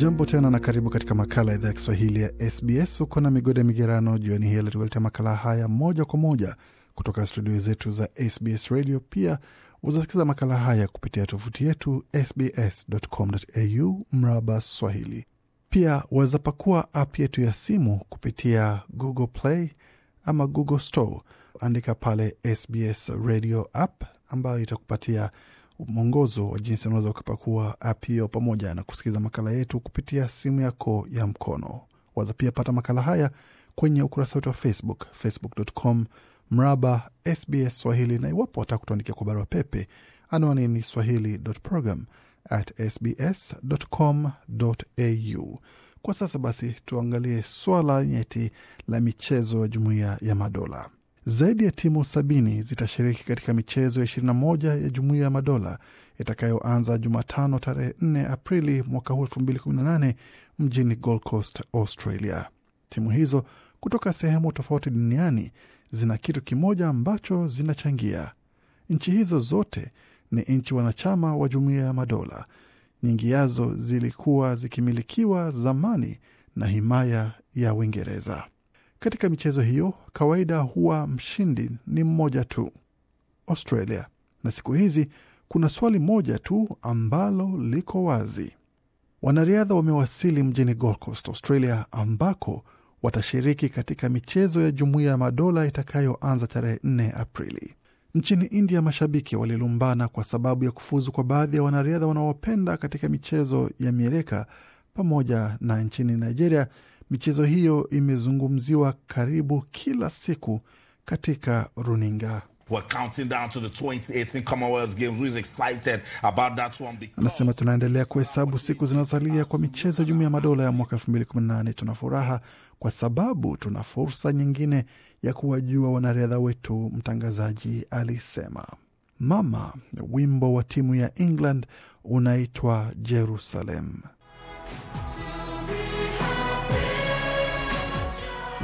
Jambo tena na karibu katika makala ya idhaa ya Kiswahili ya SBS. Uko na migode migerano jioni hii, alitukuletea makala haya moja kwa moja kutoka studio zetu za SBS Radio. Pia uzasikiza makala haya kupitia tovuti yetu sbs.com.au mraba Swahili. Pia wazapakua ap yetu ya simu kupitia Google Play ama Google Store, andika pale SBS Radio app ambayo itakupatia mwongozo wa jinsi unaweza ukapakua app hiyo pamoja na kusikiliza makala yetu kupitia simu yako ya mkono. Waza pia pata makala haya kwenye ukurasa wetu wa Facebook, facebook.com mraba SBS Swahili, na iwapo wataka kutuandikia kwa barua pepe, anwani ni swahili.program at Kwa sasa basi, tuangalie swala nyeti la michezo ya Jumuiya ya Madola. Zaidi ya timu sabini zitashiriki katika michezo ya 21 ya Jumuiya ya Madola itakayoanza Jumatano tarehe 4 Aprili mwaka huu 2018 mjini Gold Coast, Australia. Timu hizo kutoka sehemu tofauti duniani zina kitu kimoja ambacho zinachangia. Nchi hizo zote ni nchi wanachama wa Jumuiya ya Madola. Nyingi yazo zilikuwa zikimilikiwa zamani na himaya ya Uingereza. Katika michezo hiyo kawaida huwa mshindi ni mmoja tu, Australia, na siku hizi kuna swali moja tu ambalo liko wazi. Wanariadha wamewasili mjini Gold Coast, Australia, ambako watashiriki katika michezo ya Jumuiya ya Madola itakayoanza tarehe 4 Aprili. Nchini India, mashabiki walilumbana kwa sababu ya kufuzu kwa baadhi ya wanariadha wanaopenda katika michezo ya mieleka, pamoja na nchini Nigeria Michezo hiyo imezungumziwa karibu kila siku katika runinga. Anasema tunaendelea kuhesabu siku zinazosalia kwa michezo ya Jumuiya ya Madola ya mwaka 2018. Tuna furaha kwa sababu tuna fursa nyingine ya kuwajua wanariadha wetu, mtangazaji alisema. Mama, wimbo wa timu ya England unaitwa Jerusalem.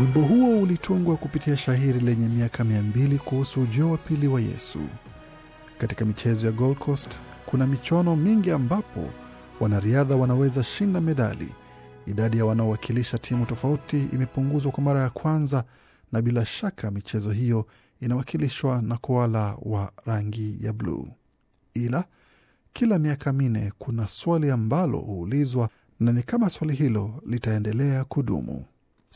Wimbo huo ulitungwa kupitia shahiri lenye miaka mia mbili kuhusu ujio wa pili wa Yesu. Katika michezo ya Gold Coast kuna michuano mingi ambapo wanariadha wanaweza shinda medali. Idadi ya wanaowakilisha timu tofauti imepunguzwa kwa mara ya kwanza, na bila shaka michezo hiyo inawakilishwa na koala wa rangi ya bluu. Ila kila miaka minne kuna swali ambalo huulizwa na ni kama swali hilo litaendelea kudumu.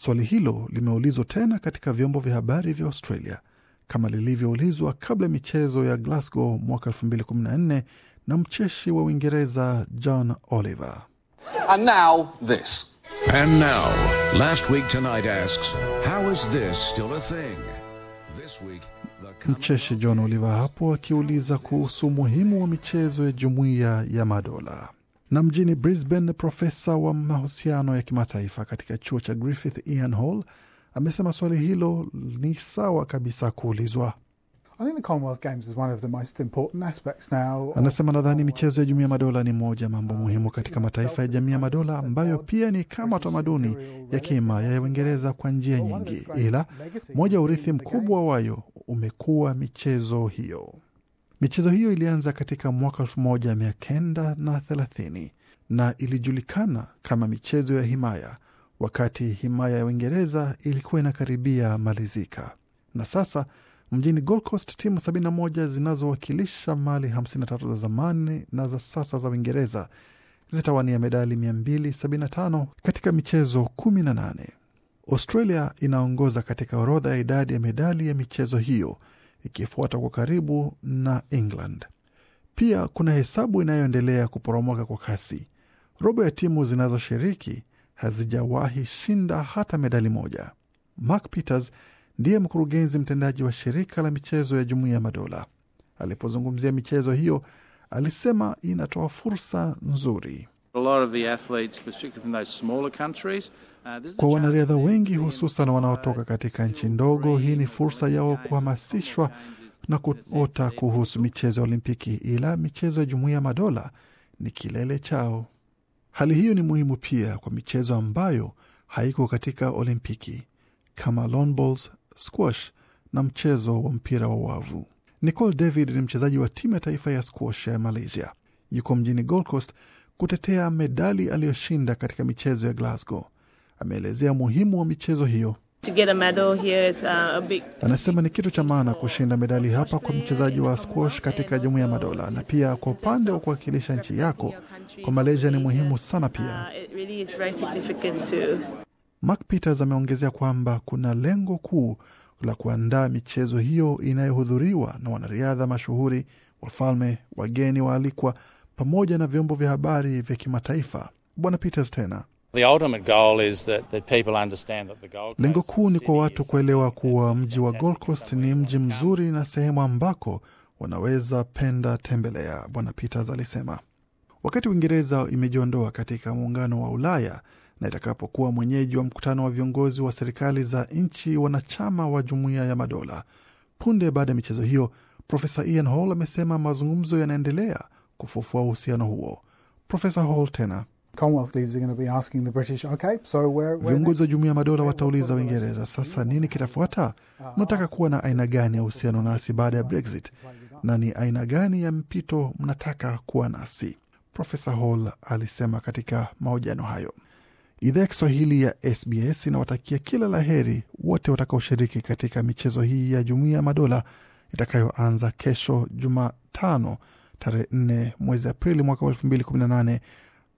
Swali hilo limeulizwa tena katika vyombo vya habari vya Australia kama lilivyoulizwa kabla ya michezo ya Glasgow mwaka 2014 na mcheshi wa Uingereza John Oliver. And now this. And now, last week tonight asks, how is this still a thing? This week, the... Mcheshi John Oliver hapo akiuliza kuhusu umuhimu wa michezo ya jumuiya ya madola. Na mjini Brisbane, profesa wa mahusiano ya kimataifa katika chuo cha Griffith Ian Hall amesema swali hilo ni sawa kabisa kuulizwa. Anasema nadhani michezo ya jumuiya madola ni moja mambo muhimu katika mataifa ya jamii ya madola ambayo pia ni kama tamaduni ya kiimaya ya Uingereza kwa njia nyingi, ila moja ya urithi mkubwa wayo umekuwa michezo hiyo. Michezo hiyo ilianza katika mwaka 1930 na ilijulikana kama michezo ya himaya, wakati himaya ya Uingereza ilikuwa inakaribia malizika. Na sasa mjini Gold Coast timu 71 zinazowakilisha mali 53 za zamani na za sasa za Uingereza zitawania medali 275 katika michezo 18. Australia inaongoza katika orodha ya idadi ya medali ya michezo hiyo ikifuata kwa karibu na England. Pia kuna hesabu inayoendelea kuporomoka kwa kasi. Robo ya timu zinazoshiriki hazijawahi shinda hata medali moja. Mark Peters ndiye mkurugenzi mtendaji wa shirika la michezo ya Jumuiya ya Madola. Alipozungumzia michezo hiyo, alisema inatoa fursa nzuri Uh, kwa wanariadha wengi hususan wanaotoka katika nchi ndogo, hii ni fursa yao kuhamasishwa na kuota kuhusu michezo ya Olimpiki, ila michezo ya Jumuiya ya Madola ni kilele chao. Hali hiyo ni muhimu pia kwa michezo ambayo haiko katika Olimpiki kama lawn bowls, squash na mchezo wa mpira wa wavu. Nicole David ni mchezaji wa timu ya taifa ya squash ya Malaysia, yuko mjini Gold Coast kutetea medali aliyoshinda katika michezo ya Glasgow. Ameelezea umuhimu wa michezo hiyo. Uh, anasema ni kitu cha maana kushinda medali hapa kwa mchezaji wa squash katika Jumuiya ya Madola, na pia kwa upande wa kuwakilisha nchi yako kwa Malaysia ni muhimu sana pia. Uh, Mark Peters ameongezea kwamba kuna lengo kuu la kuandaa michezo hiyo inayohudhuriwa na wanariadha mashuhuri, wafalme, wageni waalikwa pamoja na vyombo vya habari vya kimataifa. Bwana Peters tena lengo kuu ni kwa watu kuelewa kuwa mji wa Gold Coast ni mji mzuri na sehemu ambako wanaweza penda tembelea, Bwana Peters alisema. Wakati Uingereza imejiondoa katika muungano wa Ulaya na itakapokuwa mwenyeji wa mkutano wa viongozi wa serikali za nchi wanachama wa Jumuiya ya Madola punde baada ya michezo hiyo, Profesa Ian Hall amesema mazungumzo yanaendelea kufufua uhusiano huo. Profesa Hall tena viongozi wa jumuiya ya madola watauliza Uingereza, sasa nini kitafuata? Ah, ah. Mnataka kuwa na aina gani ya uhusiano nasi baada ya Brexit, na ni aina gani ya mpito mnataka kuwa nasi? Profesa Hall alisema katika mahojiano hayo. Idhaa ya Kiswahili ya SBS inawatakia kila la heri wote watakaoshiriki katika michezo hii ya jumuiya ya madola itakayoanza kesho Jumatano tarehe 4 mwezi Aprili mwaka wa 2018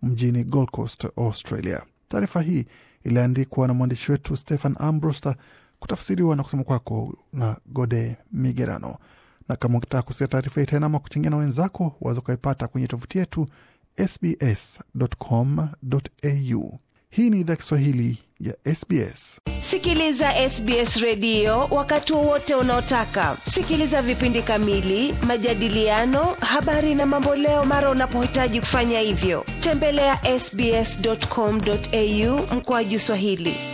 mjini Gold Coast, Australia. Taarifa hii iliandikwa na mwandishi wetu Stephen Ambroster, kutafsiriwa na kusoma kwako na Gode Migerano. Na kama ukitaka kusikia taarifa hii tena ama kuchangia na wenzako, waweza ukaipata kwenye tovuti yetu sbs.com.au hii ni idhaa Kiswahili ya SBS. Sikiliza SBS redio wakati wowote unaotaka. Sikiliza vipindi kamili, majadiliano, habari na mamboleo mara unapohitaji kufanya hivyo. Tembelea ya sbs.com.au mkoaji Swahili.